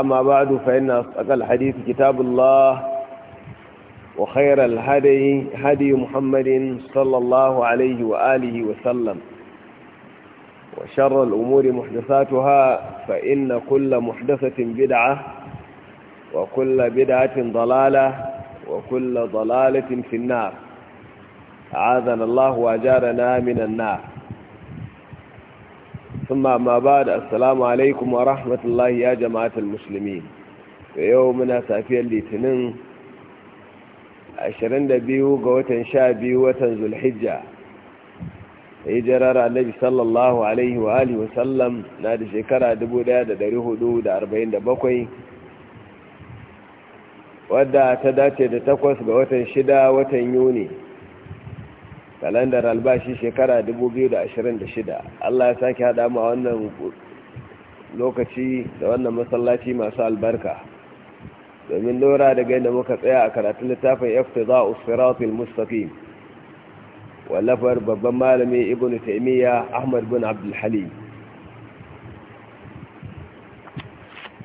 أما بعد فإن أصدق الحديث كتاب الله وخير الهدي هدي محمد صلى الله عليه وآله وسلم وشر الأمور محدثاتها فإن كل محدثة بدعة وكل بدعة ضلالة وكل ضلالة في النار أعاذنا الله وأجارنا من النار ثم ما بعد السلام عليكم ورحمة الله يا جماعة المسلمين يومنا سافيا ga عشرين دبيو قوة شابي وتنزل الحجة hijirar annabi sallallahu alaihi wa alihi wasallam na da shekara 1447 wadda ta dace da takwas ga watan shida watan yuni kalandar albashi shekara 2026 Allah ya sake haɗa mu a wannan lokaci da wannan masallaci masu albarka domin lura daga yadda muka tsaya a karatun littafin iftiza siratul mustaqim wallafar babban malami ibn taymiya ahmad bin abdulhalim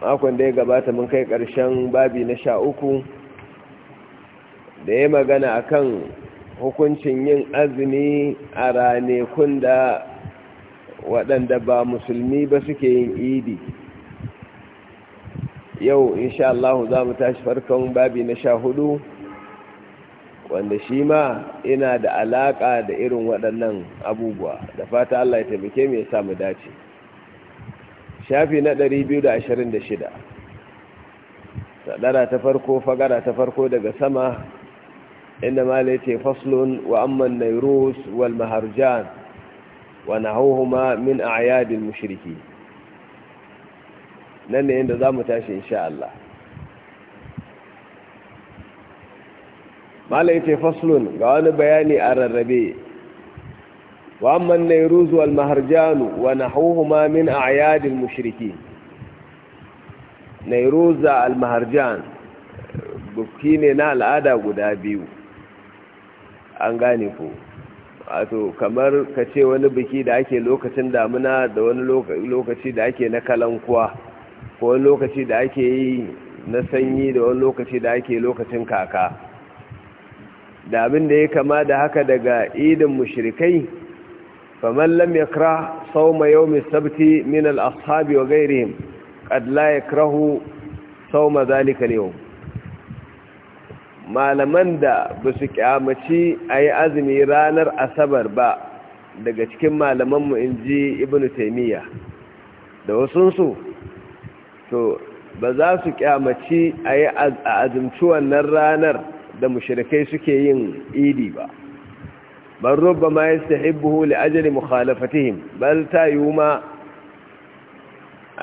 makon da ya gabata mun kai ƙarshen babi na sha uku da ya magana akan hukuncin yin azumi a ranakun da waɗanda ba musulmi ba suke yin idi yau insha Allah za mu tashi farkon babi na sha hudu wanda shi ma ina da alaƙa da irin waɗannan abubuwa da fata Allah ya taimake mu ya samu dace shafi na 226 sadara ta farko fagara ta farko daga sama inda mala yace faslun wa amman nairus wal maharjan wa nahawhuma min a'yadil mushriki nan ne inda mu tashi insha Allah mala yace faslun ga wani bayani a rarrabe wa amman nairus wal maharjan wa nahawhuma min a'yadil mushriki nairuz da al maharjan buki ne na al'ada guda biyu an gane ko wato kamar ka ce wani biki da ake lokacin damuna da wani lokaci da ake na kalankuwa ko wani lokaci da ake yi na sanyi da wani lokaci da ake lokacin kaka da abin da ya kama da haka daga idin mushrikai faman lam yakra sauma yawmi sabti min al-ashabi wa ghayrihim qad la yakrahu sauma dhalika al-yawm malaman da ba su kyamaci a yi azumi ranar asabar ba daga cikin malamanmu in ji ibn taimiyya da wasunsu to ba za su kyamaci a yi azumci wannan ranar da mushirikai suke yin idi ba ban rubba ma ya stahibbuhu li ajali mukhalafatihim bal ta yi ma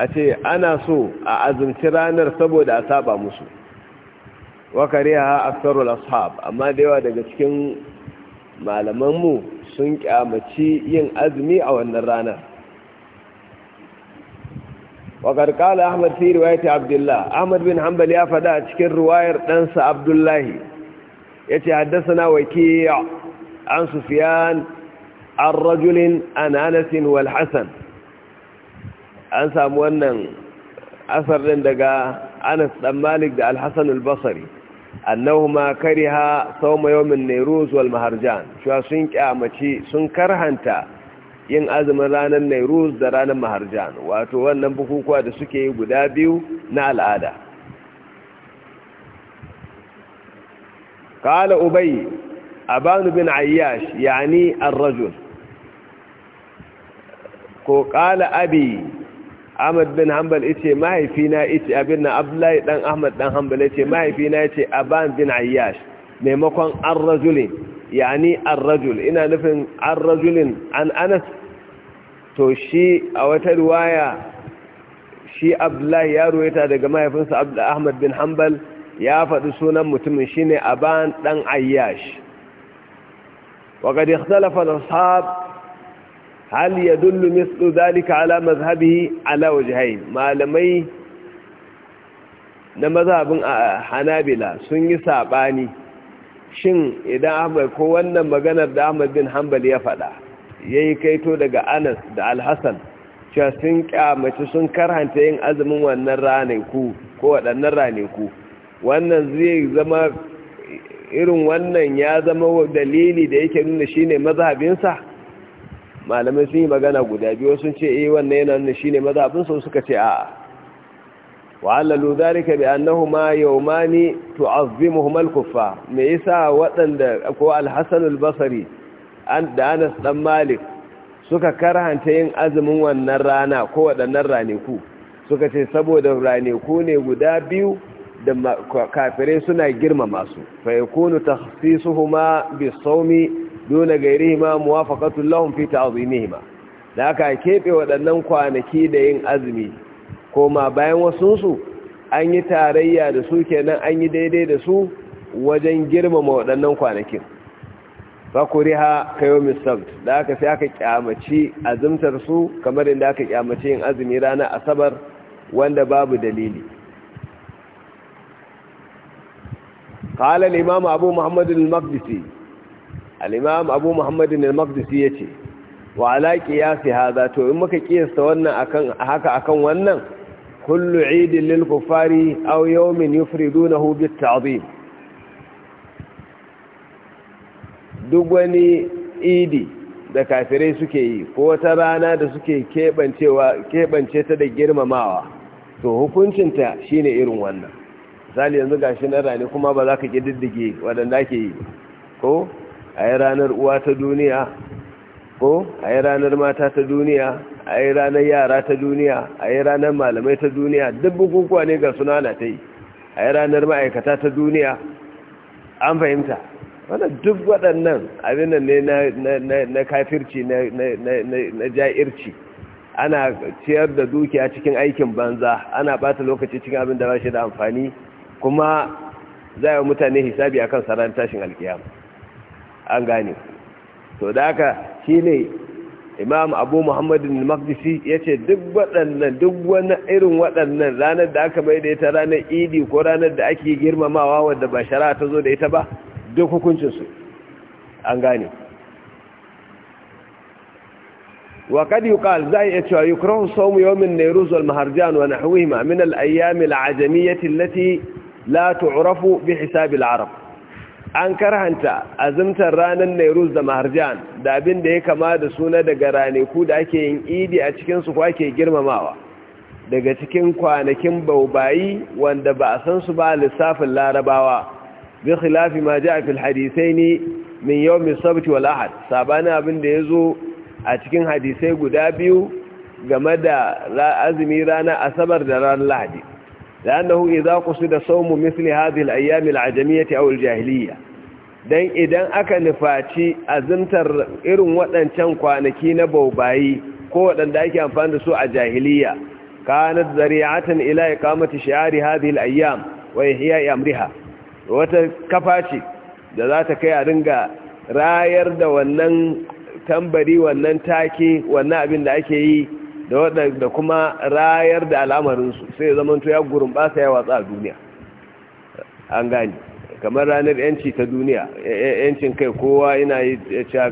a ce ana so a azumci ranar saboda a saba musu wakariya a tsarul ashab amma da yawa daga cikin malamanmu sun kyamaci yin azumi a wannan ranar wakar kala ahmad fi riwayati abdullah ahmad bin hanbal ya fada a cikin ruwayar ɗansa abdullahi ya ce haddasa na waki an sufiyan an rajulin ananasin walhassan an samu wannan asar daga anas ɗan malik da alhassan basri ma kariha sauma yawmin nairuz wal maharjan shi sun kyamaci sun karhanta yin azumin ranar nairuz da ranar maharjan wato wannan bukukuwa da suke yi guda biyu na al'ada qala ubay aban bin ayyash yani ar-rajul ko qala abi ahmad bin hanbal yace mahaifina yace abin na abdullahi dan ahmad dan hanbal yace mahaifina yace aban bin ayyash maimakon ar-rajulin yani ar-rajul ina nufin ar-rajulin an anas to shi a wata riwaya shi abdullahi ya ruwaita daga mahaifinsa abdullahi ahmad bin hanbal ya faɗi sunan mutumin shine aban dan ayyash ikhtalafa al-ashab hal ya dullu mislu zalika ala mazhabihi ala wajhayn malamai na mazhabin hanabila sun yi saɓani. shin idan ahmad ko wannan maganar da ahmad bin hanbal ya faɗa yayi kaito daga anas da Alhassan, cewa sun kyamaci sun karhanta yin azumin wannan ku ko waɗannan ranaku wannan zai zama irin wannan ya zama dalili da yake nuna shine mazhabinsa malamai sun yi magana guda biyu sun ce eh wannan yana nan shine abin su suka ce a'a wa allalu zalika bi annahuma yawmani tu'azzimuhuma al-kuffar me yasa wadanda ko al-hasan al-basri an da Anas dan Malik suka karhanta yin azumin wannan rana ko wadannan raneku suka ce saboda raneku ne guda biyu da kafirai suna girmama su fa yakunu takhsisuhuma bi sawmi dole gairihima muwafaqatul lahum fi ta'zimihima da aka keɓe waɗannan kwanaki da yin azumi koma bayan wasunsu an yi tarayya da su kenan an yi daidai da su wajen girmama waɗannan kwanakin ha kayomi sabt da aka sai aka kyamaci azumtar su kamar inda aka kyamaci yin azumi ranar asabar wanda babu dalili قال الإمام أبو محمد المقدسي al abu muhammad al-maqdisi ce wa ya fi haza to in muka kiyasta wannan haka haka akan wannan kullu idin lil kuffari aw yawmin yufridunahu bit duk wani idi da kafirai suke yi ko wata rana da suke keɓance ta da girmamawa to hukuncinta shine irin wannan zali yanzu gashi na rani kuma ba za ka ƙi diddige waɗanda ake yi ko a yi ranar uwa ta duniya ko a yi ranar mata ta duniya a yi ranar yara ta duniya a yi ranar malamai ta duniya duk bukukuwa ne ga suna na ta yi a yi ranar ma'aikata ta duniya an fahimta wannan duk waɗannan abin nan ne na kafirci na ja'irci ana ciyar da dukiya cikin aikin banza ana bata lokaci cikin abin da ba shi da amfani kuma za a yi mutane hisabi akan saran tashin alkiyama to da aka shi ne imam abu muhammadin makdisi ya ce duk waɗannan duk wani irin waɗannan ranar da aka mai da ita ranar idi ko ranar da ake girmamawa wadda ba shara ta zo da ita ba duk hukuncinsu an gane wa kad yuqal zai ya cewa yukrahu sawm wal maharjan wa nahwihima min al-ayyam al-ajamiyyah allati la tu'rafu bi hisab al-arab an karhanta azumtar ranar nairus da maharjan da abin da ya kama da suna daga ranaku da ake yin idi a cikinsu ko ke girmamawa daga cikin kwanakin baubayi wanda ba a san su ba lissafin larabawa bi khilafi ma ja'a fil hadithaini min yawmi sabti wal ahad sabana abin da ya zo a cikin hadisai guda biyu game da azumi rana asabar da ranar lahadi لأنه إذا قصد صوم مثل هذه الأيام العجمية أو الجاهلية dan idan aka nufaci azumtar irin waɗancan kwanaki na baubayi ko waɗanda ake amfani da su a jahiliya kanat zari'atan ila iqamati shi'ari hadhihi al-ayyam wa ihya'i amriha wata kafaci ce da za ta kai a ringa rayar da wannan tambari wannan take wannan abin da ake yi da kuma rayar da al'amarinsu sai zamanto ya gurumbasa ya watsa a duniya an gani kamar ranar yanci ta duniya yancin kai kowa yana yi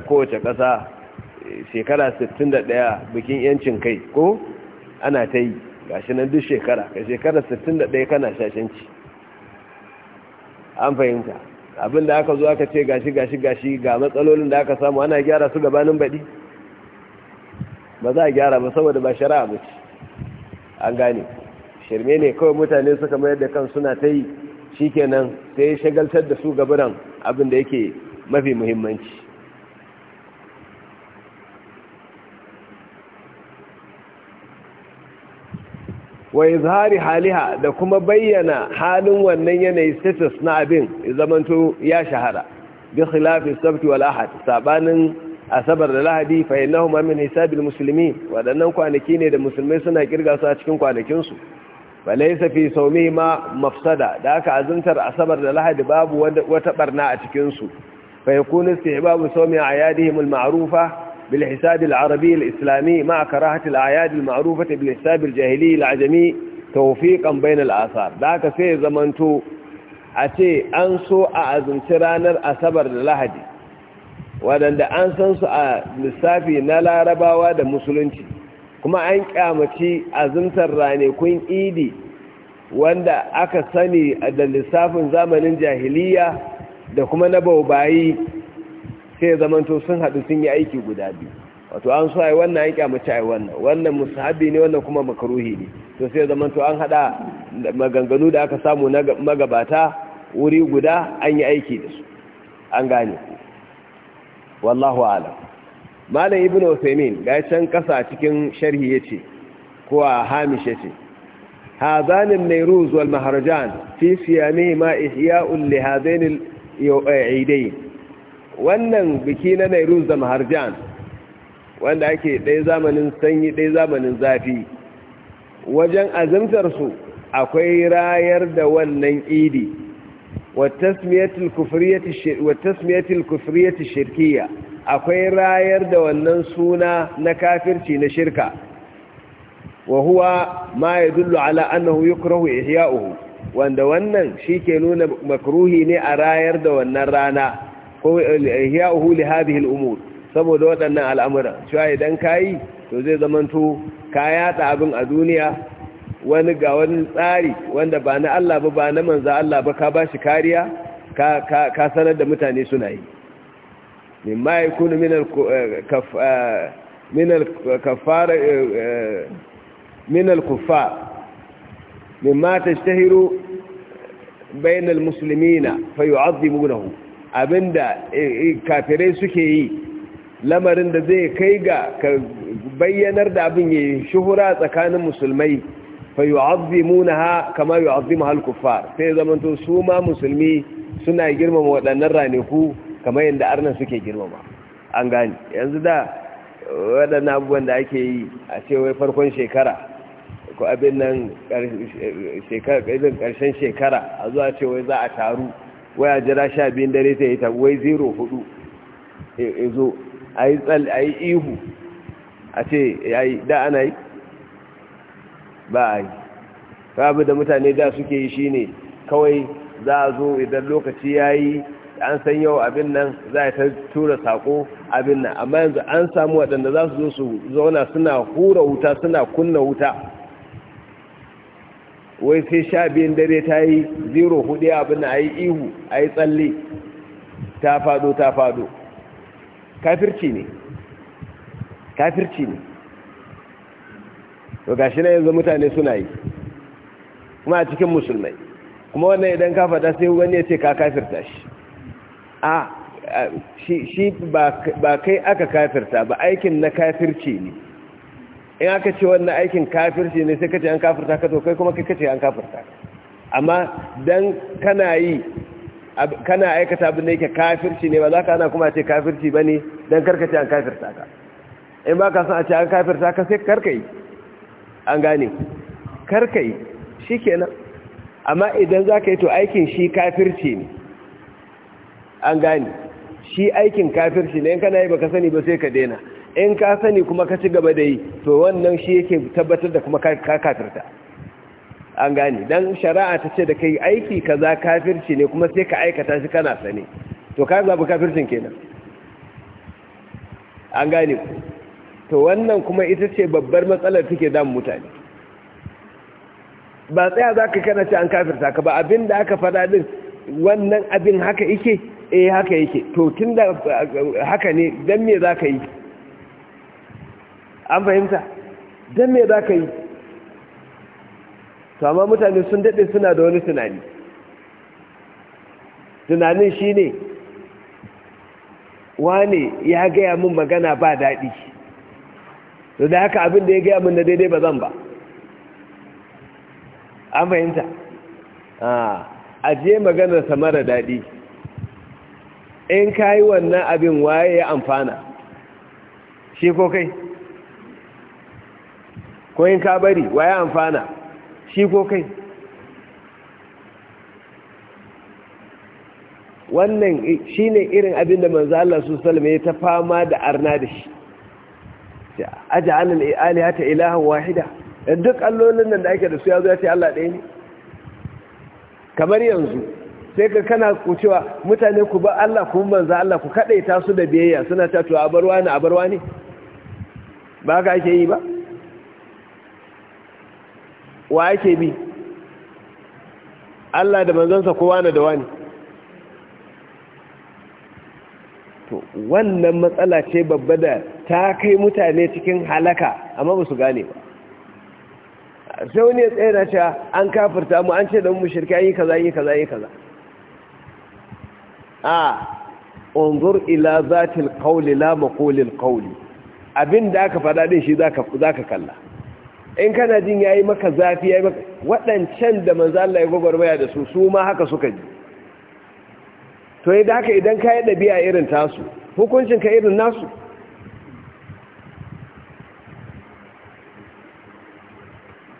kowace ƙasa shekara 61 bikin yancin kai ko ana ta yi gashi nan duk shekara ka shekara 61 kana shashanci an fahimta abinda aka zo aka ce gashi gashi gashi ga matsalolin da aka samu ana gyara su gabanin baɗi ba za a gyara ba saboda ba shari'a ba an gane shirme ne kawai mutane suka mayar da kan suna ta yi shikenan yi shagaltar da su gabaran abin da yake mafi muhimmanci wa zahari haliha da kuma bayyana halin wannan yanayi status na abin zamanto ya shahara bi khilafi sabt wal ahad sabanin asabar da lahadi fa innahuma min hisabil muslimin wadannan kwanaki ne da musulmai suna kirga su a cikin kwanakin su balaysa fi sawmihima mafsada da aka azuntar asabar da lahadi babu wata barna a cikin su fa yakunu istihbabu sawmi ayadihim al bil hisab al-arabi al-islami ma'a karahati al-ayad al-ma'rufa bil hisab al-jahili al-ajami tawfiqan bayna al da aka sai zamanto a ce an so a azunci ranar asabar da lahadi waɗanda an san su a lissafi na larabawa da musulunci kuma an kyamaci azumtar ranekun idi wanda aka sani da lissafin zamanin jahiliya da kuma na baubayi sai zamanto sun haɗu sun yi aiki guda biyu wato an so ai wannan an kyamaci ai wannan wannan musahabi ne wannan kuma makaruhi ne to sai zamanto an haɗa maganganu da aka samu na magabata wuri guda an yi aiki da su an gane wallahu ala malam ibn usaimin ga can kasa cikin sharhi yace ko a hamish yace fi siyami ma في li hadain al العيدين wannan biki na Nairuz da maharajan wanda ake dai zamanin sanyi ɗaya zamanin zafi wajen azumtar su akwai rayar da wannan idi watasmiyatul kufriyati shirkiya akwai rayar da wannan suna na kafirci na shirka Wahuwa ma ya yadullu ala annahu yukrahu ihya'uhu wanda wannan shi ke nuna makruhi ne a rayar da wannan rana ko ihya'uhu li hadhihi al-umur saboda waɗannan al'amura cewa idan kai to zai zamanto ka yada abin a duniya wani ga wani tsari wanda ba na Allah ba ba na manza Allah ba ka ba shi kariya ka sanar da mutane suna yi mimma ya kunu minal eh, eh, eh, kuffar mimma ta shahiru bainal musulmina fayu azimunahu abinda kafirai suke yi lamarin da zai kai ga ka bayyanar da abin yi shuhura tsakanin musulmai fa kama yu'azzimuha al-kuffar sai to su ma musulmi suna girmama waɗannan ranaku kamar yanda arna suke girmama an gane yanzu da waɗannan abubuwan da ake yi a cewar farkon shekara ko abin nan karshen shekara a zuwa cewar za a taru waya jira sha biyun dare ta yi tagwai zero hudu ya zo a yi ihu a ce da ana yi ba a yi rabu da mutane da suke yi shine kawai za a zo idan lokaci ya yi an san yau abin nan za a tura sako abin nan amma yanzu an samu waɗanda za su zo su zauna suna hura wuta suna kunna wuta wai sai sha biyun dare ta yi zero hudu abin a yi ihu a yi tsalle ta fado ta fado kafirci ne kafirci ne to ga shi na yanzu mutane suna yi kuma a cikin musulmai kuma wannan idan ka fada sai wani ya ce ka kafirta shi a shi ba kai aka kafirta ba aikin na kafirci ne in aka ce wannan aikin kafirci ne sai kace an kafirta ka to kai kuma kai kace an kafirta amma dan kana yi kana aikata abin da yake kafirci ne ba za ka ana kuma ce kafirci bane dan karkace an kafirta ka in ba ka san a ce an kafirta ka sai karkai an gane karkai shi kenan amma idan za ka yi to aikin shi kafirci ne an gane shi aikin kafirci ne in kana yi baka sani ba sai ka daina in ka sani kuma ka ci gaba da yi to wannan shi yake tabbatar da kuma ka kafirta an gane dan shari'a ta ce da kai aiki kaza kafirci ne kuma sai ka aikata shi kana sani to ka zabi kafircin kenan an gane to wannan kuma ita ce babbar matsalar take damun mutane ba tsaya za ka kana ce an kafirta ka ba abin da aka faɗa din wannan abin haka yake eh haka yake to tun da eh, haka ne don me za ka yi an fahimta don me za ka yi to amma mutane sun daɗe suna da wani tunani tunanin shi ne wane ya gaya min magana ba daɗi to da haka abin da ya gaya min na daidai ba zan ba an fahimta A je maganarsa mara daɗi in ka yi wannan abin waye ya amfana shi ko kai ko in ka bari waye amfana shi ko kai wannan shi ne irin abin da manzala su salme ta fama da arna da shi aj'al al ta ilahan wahida duk allolin nan da ake da su yazo ya ce Allah ɗaya ne kamar yanzu sai ka kana ku cewa mutane ku ba Allah ku manzo Allah ku kadaita su da biyayya suna ta to barwa ne barwa ne ba ka ake yi ba wa ake bi Allah da manzansa kowa na da wani to wannan matsala ce babba da ta kai mutane cikin halaka amma ba su gane ba sai wani ya tsaye na cewa an kafirta mu an ce da mu shirka yi kaza yi kaza yi kaza a unzur ila zatil qawli la maqulil qawli abinda aka fada din shi zaka zaka kalla in kana jin yayi maka zafi yayi maka wadancan da manzo Allah ya gogorwaya da su su ma haka suka ji to yi da haka idan ka yi ɗabi'a irin tasu hukuncin ka irin nasu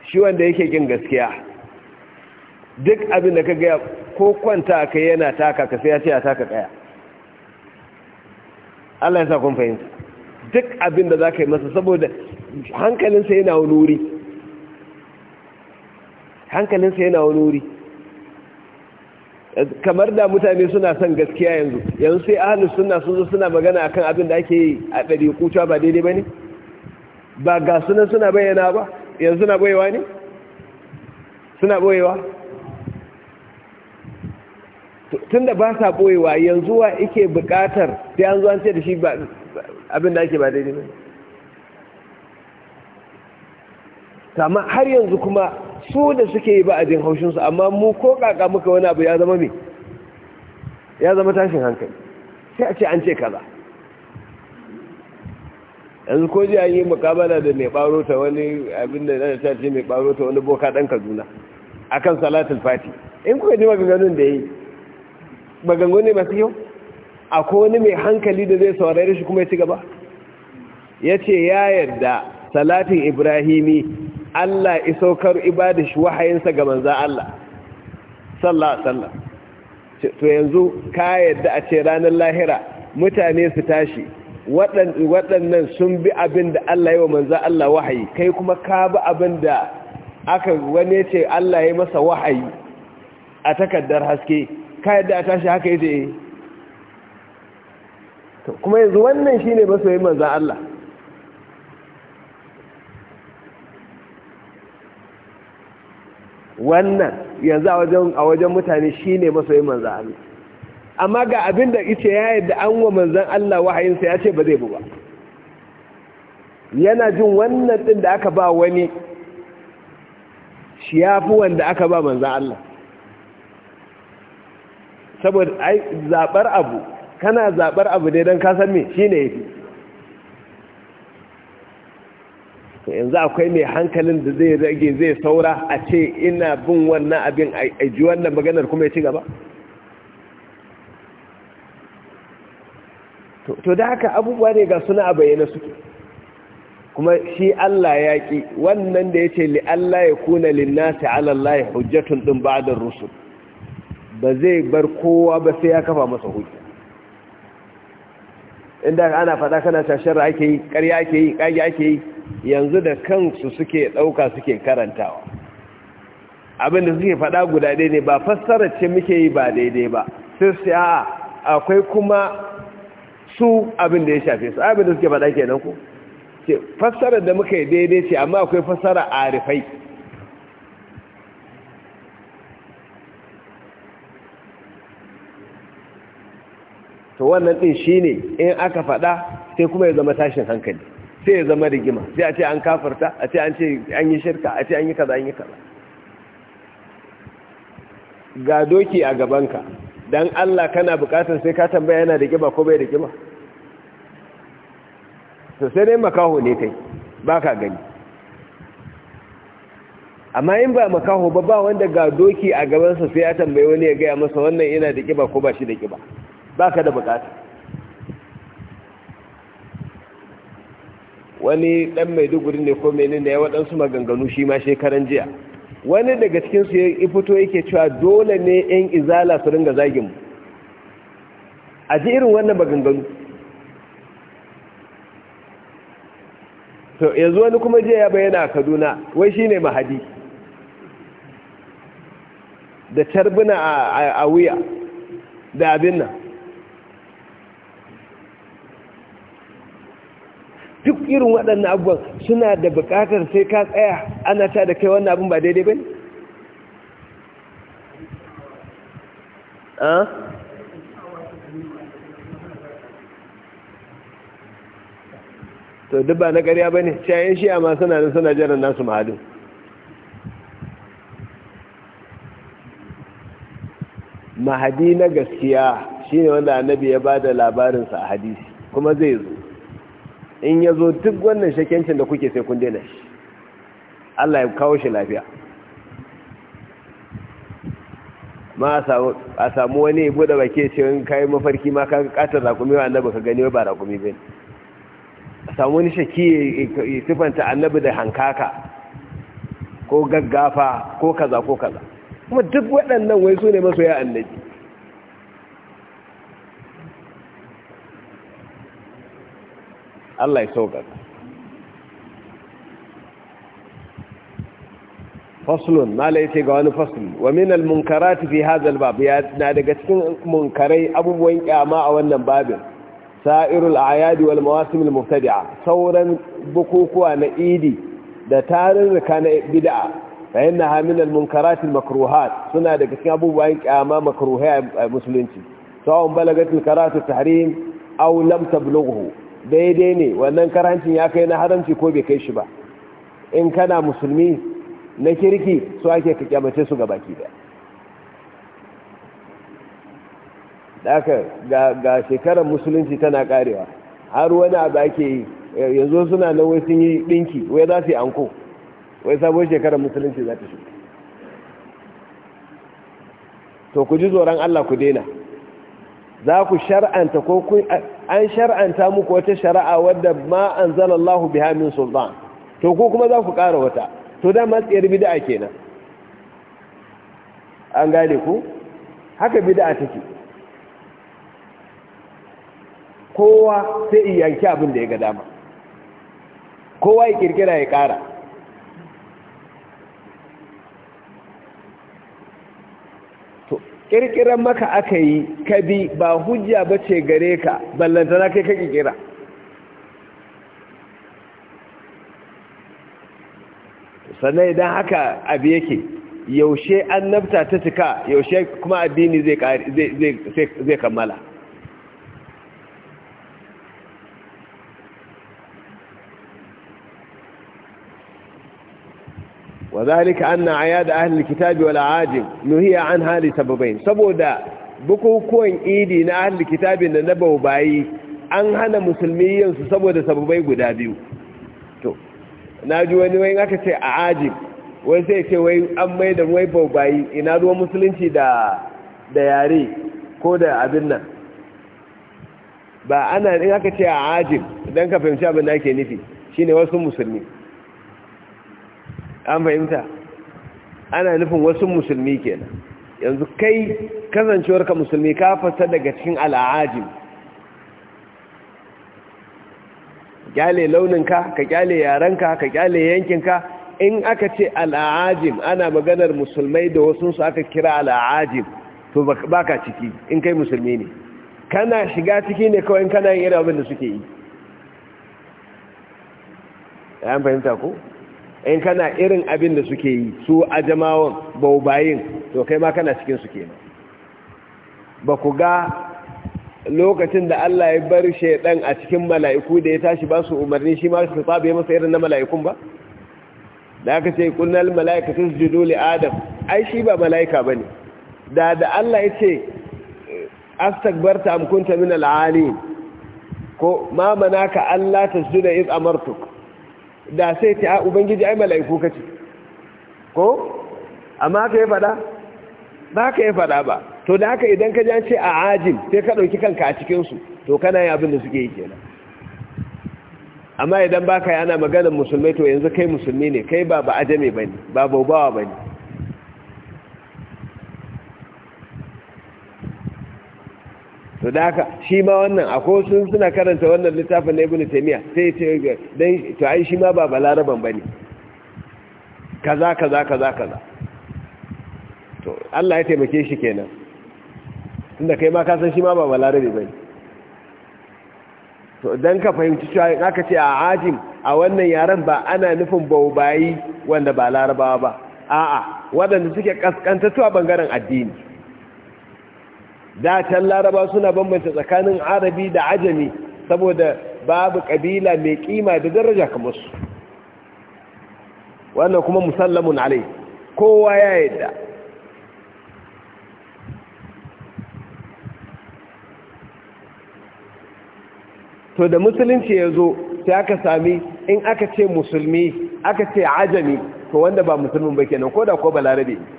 shi wanda yake gin gaskiya duk abin da ka gaya ko kwanta ka yana taka ka sai ya ce ya taka kaya Allah ya sa kun fahimta duk abin da za ka yi masa saboda hankalinsa yana wani wuri hankalinsa yana wani wuri kamar da mutane suna son gaskiya yanzu yanzu sai ahalus suna sun zo suna magana akan abin da ake yi a ɗari kucewa ba daidai ba ne ba ga suna suna bayyana ba yanzu suna boyewa ne suna boyewa tun da ba sa boyewa yanzu wa ike buƙatar sai an zuwa ce da shi abin da ake ba daidai ba ne har yanzu kuma su da suke yi ba a jin haushinsu amma mu ko kaka muka wani abu ya zama mai ya zama tashin hankali sai a ce an ce kaza yanzu ko ji an yi mukabala da mai baro ta wani abin da na ta ce mai baro ta wani boka dan kaduna akan salatul fati in kuka ji maganganun da yi maganganun ne masu yau akwai wani mai hankali da zai saurari shi kuma ya ci gaba ya ce ya yarda salatin ibrahimi Allah isaukar ibadish wahayinsa ga manza Allah sallah sallah to yanzu ka yadda a ce ranar lahira mutane su tashi waɗannan sun bi abin da Allah yi wa manza Allah wahayi kai kuma ka bi abin da aka wani ce Allah ya masa wahayi a takaddar haske ka yadda a tashi haka yi eh. kuma yanzu wannan shi ne masoyin manzo Allah wannan yanzu a wajen mutane shi ne masoyin manzan Allah amma ga abin da ita ya yadda an wa manzan Allah wahayinsa ya ce ba zai bu ba yana jin wannan ɗin da aka ba wani shi ya fi wanda aka ba manzan Allah saboda zaɓar abu kana zaɓar abu ne don kasan me shi ne ya fi to yanzu akwai mai hankalin da zai rage zai saura a ce ina bin wannan abin a ji wannan maganar kuma ya ci gaba to da haka abubuwa ne ga suna a bayyana suke kuma shi Allah ya ki. wannan da ya ce Allah ya kuna linnasi alallahi hujjatun ɗin da rusul ba zai bar kowa ba sai ya kafa masa hujja inda ana fada kana tashar ake yi ƙarya ake yi ƙage ake yi yanzu da kansu suke ɗauka suke karantawa abinda suke faɗa guda ɗaya ne ba fassara ce muke yi ba daidai ba sai su a akwai kuma su abinda ya shafe su abinda suke faɗa kenan ku ce fassara da muka yi daidai ce amma akwai fassara rufai to wannan din shi ne in aka faɗa sai kuma ya zama tashin hankali sai ya zama rigima sai a ce an kafarta a ce an ce an yi shirka a ce an yi kaza an yi kaza ga doki a gabanka don Allah kana bukatar sai ka tambaya yana da gima ko bai da gima to sai dai makaho ne kai ba ka gani amma in ba makaho ba ba wanda ga doki a gabansa sai ya tambaye wani ya gaya masa wannan yana da gima ko ba shi da gima ba ka da bukatar wani dan maiduguri ne ko menene ne ya waɗansu maganganu shi ma shekaran jiya wani daga cikinsu ya fito yake cewa dole ne 'yan izala su ringa zaginmu a ji irin wannan maganganu to yanzu wani kuma jiya ya bayyana a kaduna wai shi ne mahadi da carbuna a wuya da abin nan irin waɗannan abubuwan suna da buƙatar sai ka tsaya ana ta da kai wannan abin ba daidai ba ne? Ah? to duk ba na ƙarya ba ne shayin shiya ma suna da suna jiran nasu mahadin mahadi na gaskiya shine wanda annabi ya ba da labarinsa a hadisi kuma zai zo in ya zo duk wannan shakencin da kuke sai kun daina shi Allah ya kawo shi lafiya ma a samu wani ya buɗe bake ce kayan mafarki ma ka katar rakumi wa annabi ka gani ba rakumi bin a samu wani shaki ya sifanta annabi da hankaka ko gaggafa ko kaza ko kaza kuma duk waɗannan wai su ne masoya annabi Allah ya sauƙaƙa faslun mala ce ga wani fasl wa min munkarati fi hadha ya na daga cikin munkarai abubuwan kyama a wannan babin sa'irul a'yadi wal mawasimil al sauran bukukuwa na idi da tarurruka na Bida'a fa innaha min al munkarat makruhat suna daga cikin abubuwan kyama makruhai a musulunci sawun balagatul karatu tahrim aw lam tablughu daidai ne wannan karancin ya kai na haramci ko bai kai shi ba in kana musulmi na kirki su ake ka kyamace su ga baki da haka ga shekarar musulunci tana karewa har wani abu ake yi yanzu suna nan wai sun yi dinki wai za su yi anko wai sabon shekarar musulunci za ta shi to ku ji tsoron allah ku daina za ku shar'anta ko kun an shar'anta muku wata shari'a wadda ma anzalallahu biha min sultan to ko kuma za ku ƙara wata to da ma tsayar bid'a kenan an gane ku haka bid'a take kowa sai yanki abin da ya ga dama kowa ya kirkira ya ƙara ƙirƙirar maka aka yi ka bi ba hujja ba ce gare ka ballantana kai ka kirkira sannan idan haka abu yake yaushe annabta ta cika yaushe kuma addini zai kammala وذلك أن عياد أهل الكتاب والعاجم نهي عنها لسببين saboda bukukuwan idi na ahli kitabin da na baubayi an hana musulmi yin su saboda sababai guda biyu na ji wani wai aka ce a ajib wai ce wai da wai baubayi ina ko da abin ba ana in aka ce a ajib don ka fahimci abin da ake nufi shine wasu musulmi an fahimta ana nufin wasu musulmi kenan yanzu kai kasancewarka musulmi ka fasa daga cikin al'ajin kyale launinka ka kyale yarenka ka kyale yankinka in aka ce al'adi ana maganar musulmai da wasu su aka kira al'adi to baka ciki in kai musulmi ne kana shiga ciki ne kawai kana yin irin abin da suke yi ya fahimta ko in kana irin abin da suke yi su ajamawan baubayin to kai ma kana cikin su kenan ba ku ga lokacin da Allah ya bar shaidan a cikin mala'iku da ya tashi ba su umarni shi ma su tsabe masa irin na mala'ikun ba da aka ce kullal su sujudu li adam ai shi ba mala'ika bane da da Allah ya ce astakbarta am kunta min al ko ma manaka Allah tasjuda iz amartuka da sai ta a ubangiji ai mala'iku kace ko amma ka yi faɗa ba ka yi faɗa ba to da haka idan ka jan ce a ajin sai ka ɗauki kanka a su to kana yi abin da suke yi kenan amma idan baka yana magana musulmai to yanzu kai musulmi ne kai ba ba ajame ba ne ba babawa ba to da haka shi ma wannan akwai sun suna karanta wannan littafin na ibn taymiya sai ce dan to ai shi ma ba balaraban bane kaza kaza kaza kaza to Allah ya taimake shi kenan tunda kai ma ka san shi ma ba balarabe bane to dan ka fahimci cewa in aka ce a ajim a wannan yaren ba ana nufin baubayi wanda ba larabawa ba a'a wadanda suke kaskantatuwa bangaren addini datan laraba suna bambanta tsakanin arabi da ajami saboda babu kabila mai kima da daraja kamar su wannan kuma musallamun alai kowa ya yadda to da musulunci ya zo sai aka sami in aka ce musulmi aka ce ajami to wanda ba musulmin ba kenan ko da ko balarabe ne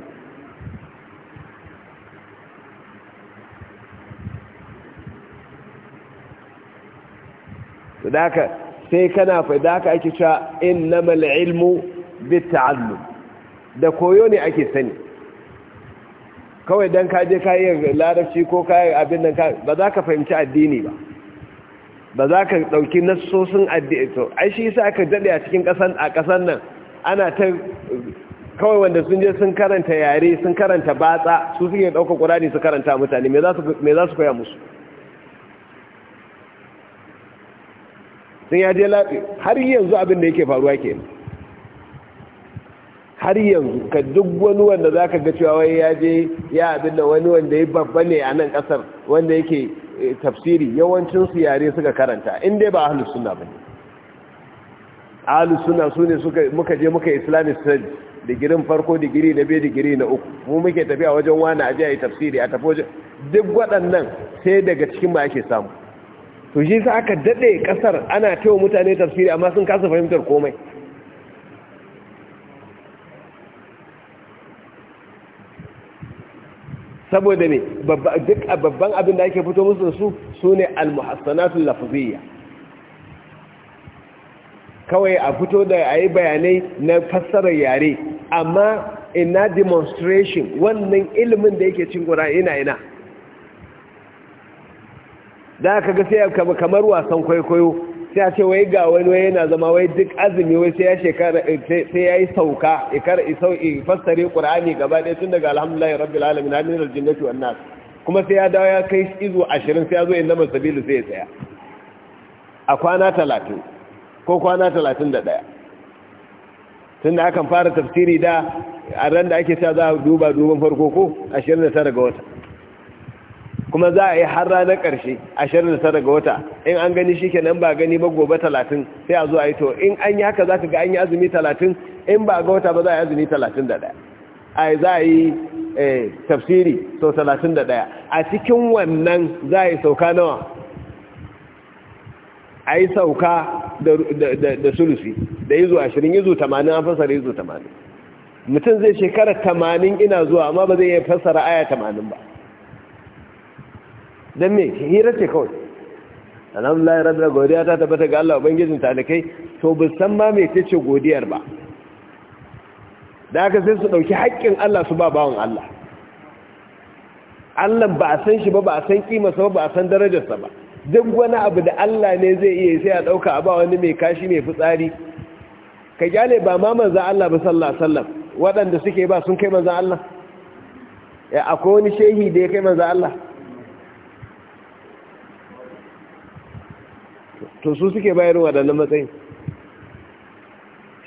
sadaka sai kana faida haka ake cewa innamal ilmu bitta'allum da koyo ne ake sani kawai dan ka je kai larabci ko kai abin nan ba za ka fahimci addini ba ba za ka dauki nassosin addini to ai shi yasa aka dade a cikin kasan a kasan nan ana ta kawai wanda sun je sun karanta yare sun karanta batsa su suke dauka qur'ani su karanta mutane me za su me za su koya musu sai ya je lafi har yanzu abin da yake faruwa ke har yanzu ka duk wani wanda za ka ga cewa ya je ya abin da wani wanda ya babba ne a nan kasar wanda yake eh, tafsiri yawancin su yare suka karanta in dai ba ahalus suna ba ne ahalus suna su ne suka muka je muka islamic studies digirin farko digiri na biyu digiri na uku mu muke tafiya wajen wani aje a yi tafsiri a tafi wajen duk waɗannan sai daga cikin ma ake samu to shi sa aka daɗe ƙasar ana taiwa mutane tafsiri amma sun kasa fahimtar komai saboda ne duk a babban abin da ake fito musu da su su ne almuhassanatun kawai a fito da a yi bayanai na fassarar yare amma ina demonstration wannan ilimin da yake cin gura ina ina da aka ga sai kamar wasan kwaikwayo sai a ce wai ga wani wai yana zama wai duk azumi wai sai ya shekara eh, sai yi sauka ya ikar isau fassare qur'ani gaba ɗaya tun daga alhamdulillahi rabbil alamin amin aljinnati wan nas kuma sai ya dawo ya kai izo 20 sai ya zo nama masabilu sai ya tsaya a kwana 30 ko kwana 31 tunda akan fara tafsiri da a ran da ake sa za a duba duban farko ko 29 ga wata kuma za a yi har ranar ƙarshe ashirin da tara ga wata in an gani shi nan ba gani ba gobe talatin sai a zo a yi to in an yi haka za ka ga an yi azumi talatin in ba ga wata ba za a yi azumi talatin da daya. a za a yi eh, tafsiri sau talatin da daya. a cikin wannan za a yi sauka nawa a yi sauka da sulusi da yi zuwa ashirin yi zuwa tamanin an fassara yi zuwa tamanin mutum zai shekara tamanin ina zuwa amma ba zai iya fassara aya tamanin ba don me hira ce kawai alhamdulillah rabbil godiya ta tabbata ga Allah ubangijin ta da kai to bu san ma me ce godiyar ba da haka sai su dauki haƙƙin Allah su ba bawon Allah Allah ba a san shi ba ba a san sa ba ba a san darajarsa ba duk wani abu da Allah ne zai iya sai a dauka a ba wani mai kashi mai fitsari ka gyale ba ma manzan Allah ba sallallahu alaihi wasallam waɗanda suke ba sun kai manzan Allah ya akwai wani shehi da ya kai manzan Allah to su suke bayar waɗannan matsayin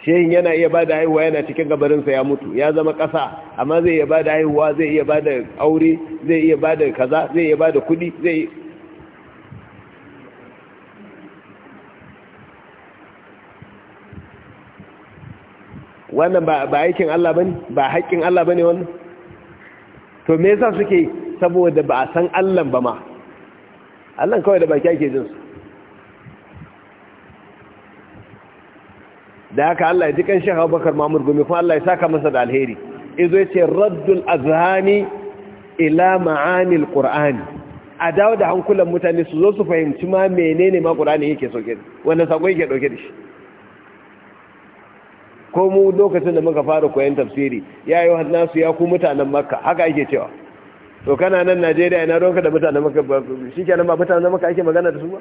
shehin yana iya ba da haihuwa yana cikin gabarinsa ya mutu ya zama ƙasa amma zai iya ba da haihuwa zai iya ba da aure zai iya ba da kaza zai iya ba da kudi zai wannan ba aikin Allah ba ne? ba haƙƙin Allah ba ne wannan to me yasa suke saboda ba a san Allah ba ma Allah kawai da baki ake jinsu da haka Allah ya ji kan Sheikh Abubakar Mahmud Gumi kuma Allah ya saka masa da alheri izo yace raddul azhani ila ma'ani alqur'ani a dawo da hankulan mutane su zo su fahimci ma menene ma qur'ani yake sauke wannan sako yake dauke da shi ko mu lokacin da muka fara koyon tafsiri ya yi wa nasu ya ku mutanen makka haka ake cewa to kana nan najeriya ina ruwanka da mutanen makka shi kenan ba mutanen makka ake magana da su ba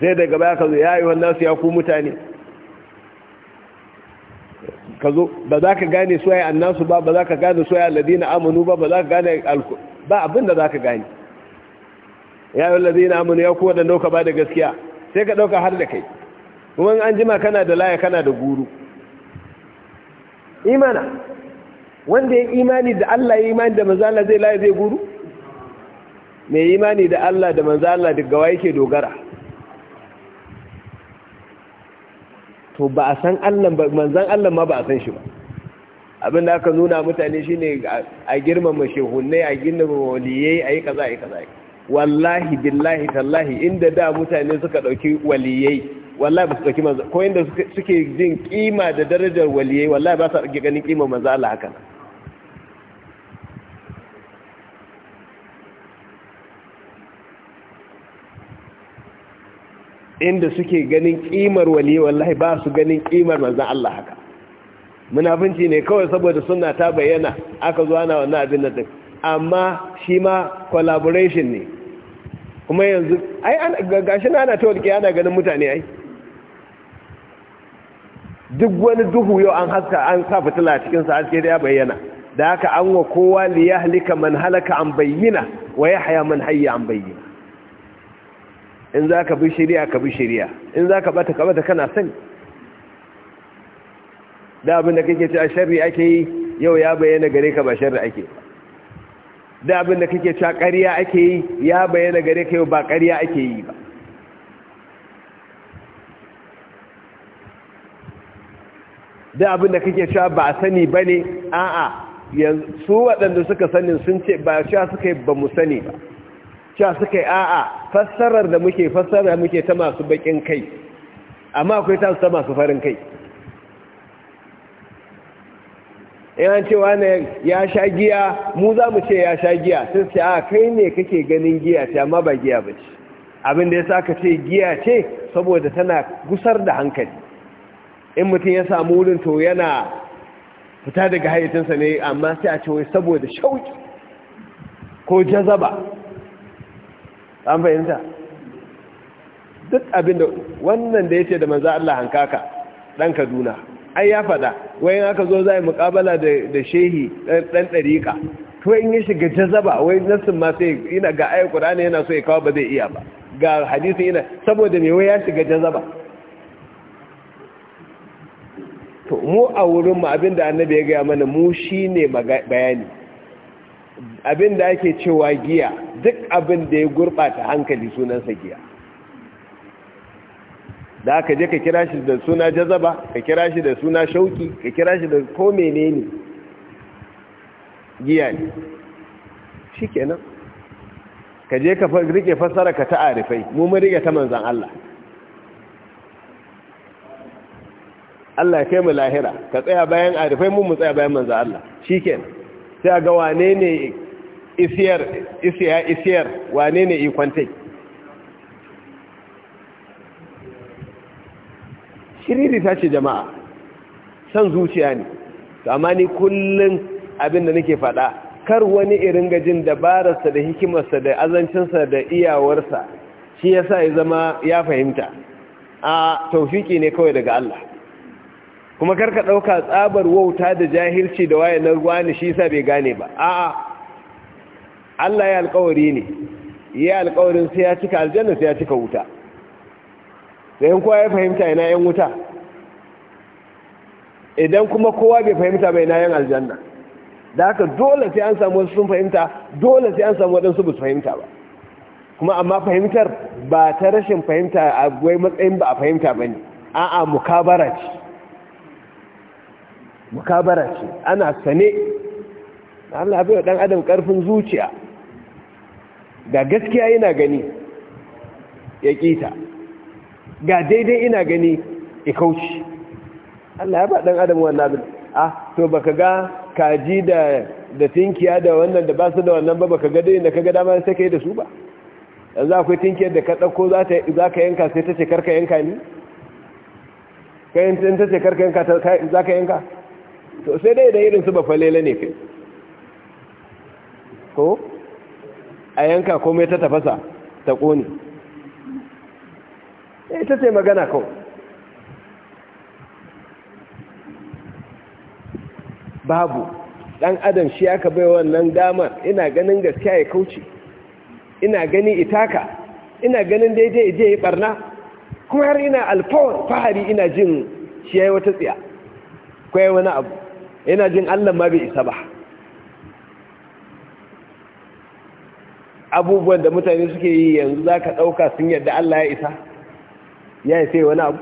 sai daga baya ka zo ya yi wannan su ya ku mutane ka zo ba za ka gane su ya annasu ba ba za ka gane su ya ladina amanu ba ba za ka gane ba abin da za ka gane ya yi ladina amunu ya ku waɗanda ka ba da gaskiya sai ka ɗauka har da kai kuma an jima kana da laya kana da guru imana wanda ya imani da Allah ya imani da manzala zai laya zai guru mai imani da Allah da manzala daga wa yake dogara to ba a san Allah ba manzan Allah ma ba a san shi ba abin da aka nuna mutane shine a girmama shehunai a girmama waliyai ayi kaza ayi kaza wallahi billahi tallahi inda da mutane suka dauki waliyai wallahi ba su dauki manzo ko inda suke jin kima da darajar waliyai wallahi ba su ganin kima manzo Allah haka inda suke ganin kimar wali wallahi ba su ganin kimar manzan Allah haka munafinci ne kawai saboda suna ta bayyana aka zuwa na wannan abin da duk amma shi ma collaboration ne kuma yanzu ai gashi na ana ta walƙi ana ganin mutane ai duk wani duhu yau an haska an sa fitila a cikinsa haske da ya bayyana da haka an wa kowa liya halika man halaka an bayyana wa ya haya man hayya an bayyana in za ka bi shirya ka bi shirya in za ka bata ka bata kana sani da abin da kake ci a sharri ake yi yau ya bayyana gare ka ba sharri ake da abin da kake ci a ƙarya ake yi ya bayyana gare ka yau ba ƙarya ake yi ba da abin da kake cewa ba a sani ba ne a'a su waɗanda suka sanin sun ce ba cewa suka yi ba mu sani ba cewa suka yi a'a fassarar da muke fassara muke ta masu bakin kai amma akwai ta ta masu farin kai yana cewa ne ya sha giya mu za mu ce ya sha giya Sun ce a kai ne kake ganin giya ce amma ba giya ba ce abin da ya sa ka ce giya ce saboda tana gusar da hankali in mutum ya samu wurin to yana fita daga hayyacinsa ne amma sai a ce wai saboda shauki ko jazaba an fahimta duk abin da wannan da ya ce da manzo Allah hankaka dan Kaduna ai ya faɗa wayan aka zo zai muƙabala da shehi dan ɗariƙa to in ya shiga jazaba wai nassin ma sai ina ga ayi Qur'ani yana so ya kawo ba zai iya ba ga hadisi ina saboda me wai ya shiga jazaba to mu a wurin mu abinda annabi ya gaya mana mu shine bayani abinda ake cewa giya duk abin da ya gurɓata hankali sunansa giya da aka je ka kira shi da suna jazaba ka kira shi da suna shauki ka kira shi da ko menene giya ne shi kenan ka je ka rike fassara ka ta arifai mu mun rike ta manzan Allah Allah ya kai mu lahira ka tsaya bayan arifai mu mu tsaya bayan manzan Allah shi kenan sai ga wane ne isiyar isiya isiyar wane ne ikwantai shiriri ta ce jama'a san zuciya ne amma ni kullum abin nake faɗa kar wani irin gajin dabararsa da hikimarsa da azancinsa da iyawarsa shi ya sa ya zama ya fahimta a taufiki ne kawai daga Allah kuma karka ɗauka tsabar wauta da jahilci da wayanar wani shi sa bai gane ba a Allah ya alkawari ne ya alkawarin sai ya cika aljanna sai ya cika wuta da yin kowa ya fahimta ina yan wuta idan kuma kowa bai fahimta ba na yan aljanna da haka dole sai an samu wasu sun fahimta dole sai an samu waɗansu ba su fahimta ba kuma amma fahimtar ba ta rashin fahimta a gwai matsayin ba a fahimta ba ne a'a mukabara ce mukabara ce ana sane Allah bai wa ɗan adam ƙarfin zuciya ga gaskiya yana gani ya ƙita ga daidai ina gani ya kauci Allah ya faɗin adam wannan abin ah to baka ga kaji da da tinkiya da wannan da ba su da wannan ba baka ga dai da kaga dama sai kai da su ba yanzu akwai tinkiyar da ka ko za ka yanka sai ta ce karka yanka ni in ta ce karka yanka za ka yanka to sai dai da irin su ba falele ne kai ko a yanka komai ta tafasa ta ƙone eh, ita ce magana kau. babu ɗan adam shi aka bai wannan damar ina ganin gaskiya ya kauce ina gani itaka ina ganin daidai je ya barna kuma har ina alfawar fahari ina jin shi ya yi wata tsiya kwaye wani abu ina jin allah ma bai isa ba abubuwan da mutane suke yi yanzu za ka ɗauka sun yadda Allah ya isa ya isa wani abu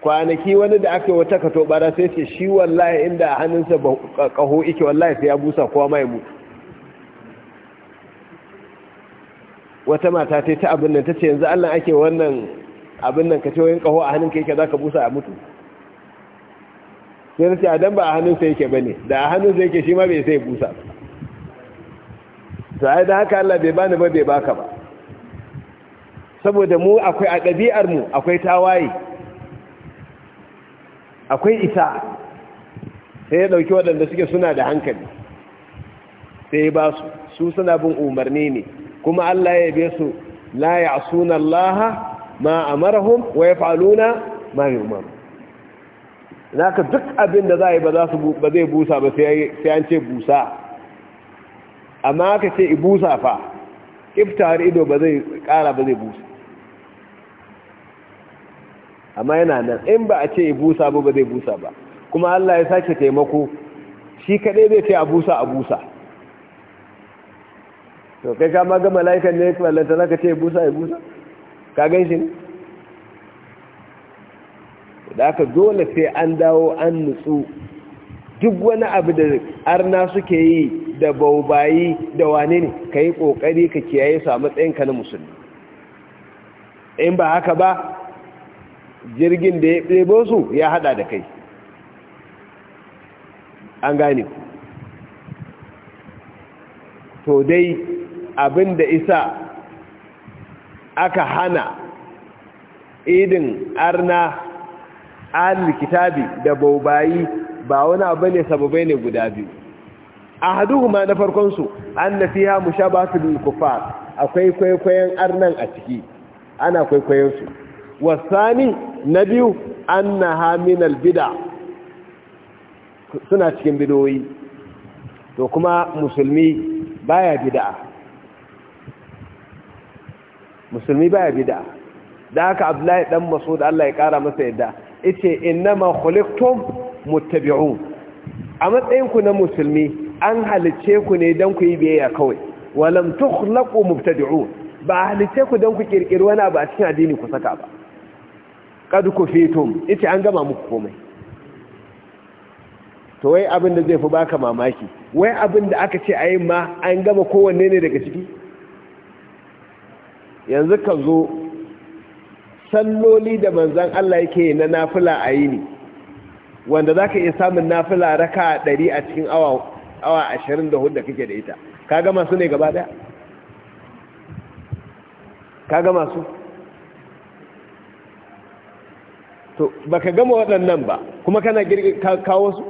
kwanaki wani da aka yi wata kato bara sai ce shi wallahi inda a hannunsa ƙaho ike wallahi sai ya busa kowa mai mutu wata mata ta ta abin nan ta ce yanzu Allah ake wannan abin nan ka ce wani ƙaho a hannunka yake za ka busa a mutu sai sai a dan ba a hannunsa yake bane da a hannunsa yake shi ma bai sai busa to ai da haka Allah bai bani ba bai baka ba saboda mu akwai a ɗabi'ar mu akwai tawaye akwai isa sai ya ɗauki waɗanda suke suna da hankali sai ya ba su su suna bin umarni ne kuma Allah ya yabe su la ya'sunallaha ma amarahum wa yaf'aluna ma yu'maru naka duk abin da za yi ba zai busa ba sai an ce busa amma aka ce ibusa fa iftar ido ba zai kara ba zai busa amma yana nan in ba a ce ibusa ba ba zai busa ba kuma Allah ya sake taimako shi kaɗai zai ce a busa a busa to kai kama ga mala'ikan ne kwallon za ka ce ibusa ibusa ka gan shi ne da aka dole sai an dawo an nutsu duk wani abu da arna suke yi da baubayi da wane ne ka yi ƙoƙari ka kiyaye su a matsayinka na musulmi in ba haka ba jirgin da ya ɗebo su ya haɗa da kai an gane to dai abin da isa aka hana idin arna ahlul kitabi da baubayi ba wani abu ne sababai ne guda biyu ahaduhuma na farkon su anna fiha mushabatu lil kuffar akwai kwaikwayon arnan a ciki ana kwaikwayon su wasani na biyu an min al bid'a suna cikin bidoyi to kuma musulmi baya bid'a musulmi baya bid'a da haka abdullahi dan masud Allah ya kara masa yadda ita innama khuliqtum muttabi'un a matsayinku na musulmi an halice ku ne don ku yi biyayya kawai walam tukhlaqu mubtadi'un ba halice ku don ku kirkiri wani ba cikin addini ku saka ba kad kufitum ita an gama muku komai to wai abin da zai fi baka mamaki wai abin da aka ce ayi ma an gama kowanne ne daga ciki yanzu ka zo salloli da manzan Allah yake na nafila a yi ne. wanda za ka iya samun nafila raka ɗari a cikin awa ashirin da hudu kake da ita ka gama su ne gaba ɗaya ka gama su to baka gama waɗannan ba kuma kana girgin kawo su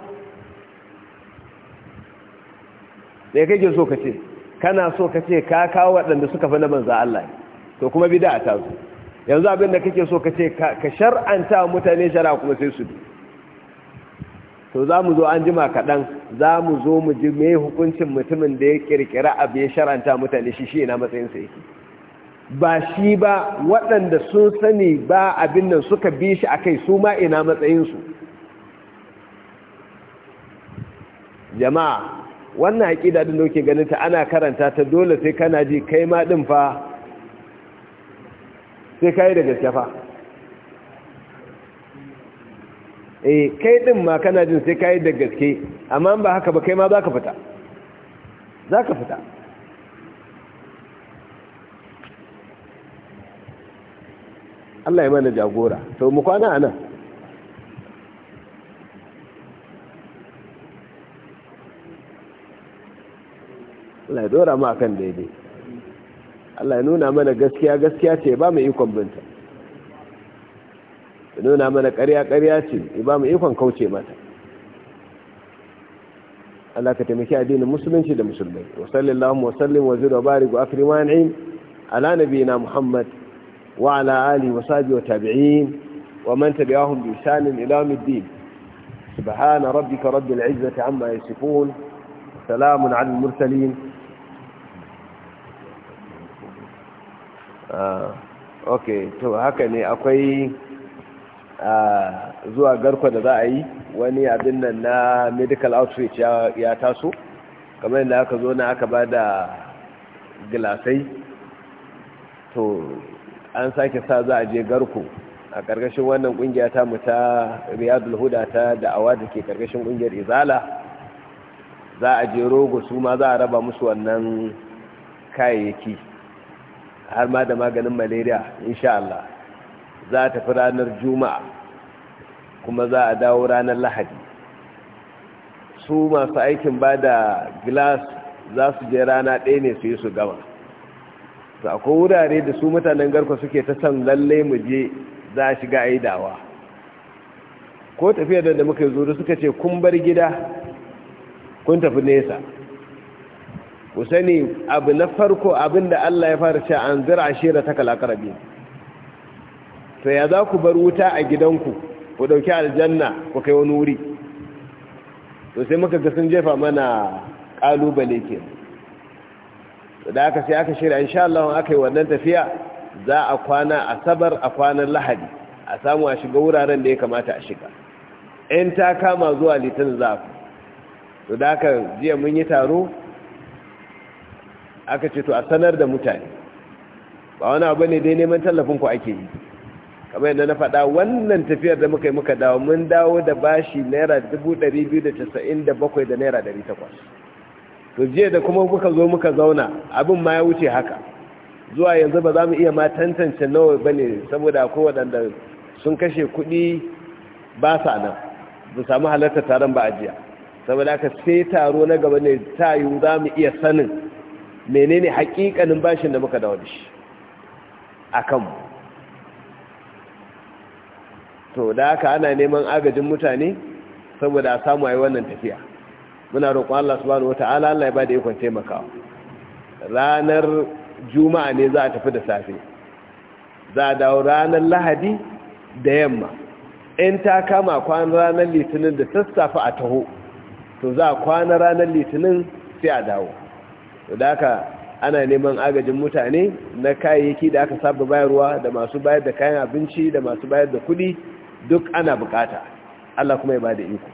da kake so ka ce kana so ka ce ka kawo waɗanda suka fi na manzan Allah to kuma bida a tazu yanzu abin da kake so ka ce ka shar'anta mutane shara kuma sai su to za mu zo an jima kaɗan za mu zo mu ji mai hukuncin mutumin da ya ƙirƙira abu ya shar'anta mutane shi shi na matsayinsa yake ba shi ba waɗanda sun sani ba abin nan suka bi shi a kai su ma ina matsayinsu jama'a wannan da ɗin da kuke ganin ta ana karanta ta dole sai kana ji kai ma ɗin fa sai ka yi da gaske fa eh kai din ma kana jin sai ka yi da gaske amma ba haka ba kai ma zaka ka fita za ka fita Allah ya mana jagora to mu kwana anan Allah ya dora mu akan daidai Allah ya nuna mana gaskiya gaskiya ce ba mu ikon binta ya nuna mana ƙarya ƙarya ce ba mu ikon kauce mata Allah ka taimaki addinin musulunci da musulmai wa sallallahu wa sallim wa zira barik wa akrimani ala nabiyina muhammad wa ala alihi wa sahbihi wa tabi'in wa man tabi'ahum bi ihsan ila yawmiddin subhana rabbika rabbil izzati amma yasifun salamun ala al mursalin Ah, ok to haka ne akwai ah, zuwa garko da za a yi wani abin nan na medical outreach ya taso kamar yadda aka zo na aka ba da gilasai to an sake sa za a je garko a ƙarƙashin wannan ƙungiya ta mu riyadul huda ta da'awa da ke ƙarƙashin ƙungiyar izala za a je rogo su ma za a raba musu wannan kayayyaki har ma da maganin malaria insha Allah za ta fi ranar juma'a kuma za a dawo ranar lahadi su masu aikin ba da glass za su je rana ɗaya ne su yi su gama su akwai wurare da su mutanen garko suke ta san lalle mu je za a shiga aidawa ko tafiya da muka yi zuru suka ce kun bar gida kun tafi nesa ku sani abu na farko abinda Allah ya fara sha an zira shira ta kalakarabi to ya za ku bar wuta a gidanku ku ɗauki aljanna ku kai wani wuri to sai muka ga sun jefa mana ƙalubale ke da aka sai aka shirya insha Allah aka yi wannan tafiya za a kwana asabar a kwanan lahadi a samu a shiga wuraren da ya kamata a shiga in ta kama zuwa litinin za ku to da aka jiya mun yi taro aka ce to a sanar da mutane ba wani abu ne dai neman tallafin ku ake yi kamar yadda na faɗa wannan tafiyar da muka yi muka dawo mun dawo da bashi naira dubu ɗari biyu da casa'in da bakwai da naira ɗari takwas to jiya da kuma muka zo muka zauna abin ma ya wuce haka zuwa yanzu ba za mu iya matantance nawa ba ne saboda akwai waɗanda sun kashe kuɗi ba sa nan ba samu halartar taron ba a jiya saboda aka sai taro na gaba ne ta yiwu za mu iya sanin menene hakikanin bashin da muka dawo da shi a kanmu to da haka ana neman agajin mutane saboda a samu a yi wannan tafiya muna roƙon Allah subhanahu wata'ala Allah ya ba da ikon taimakawa ranar juma'a ne za a tafi da safe za a dawo ranar lahadi da yamma in ta kama kwanar ranar litinin da sassafe a taho to za a kwana ranar litinin sai a dawo da aka ana neman agajin mutane na kayayyaki da aka saba bayarwa da masu bayar da kayan abinci da masu bayar da kuɗi duk ana bukata Allah kuma ya bada iko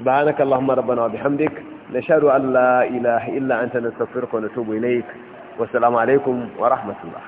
subhanaka allahumma rabbana wa bihamdik nashhadu an la ilaha illa anta nastaghfiruka wa natubu ilayk wa assalamu alaikum wa rahmatullah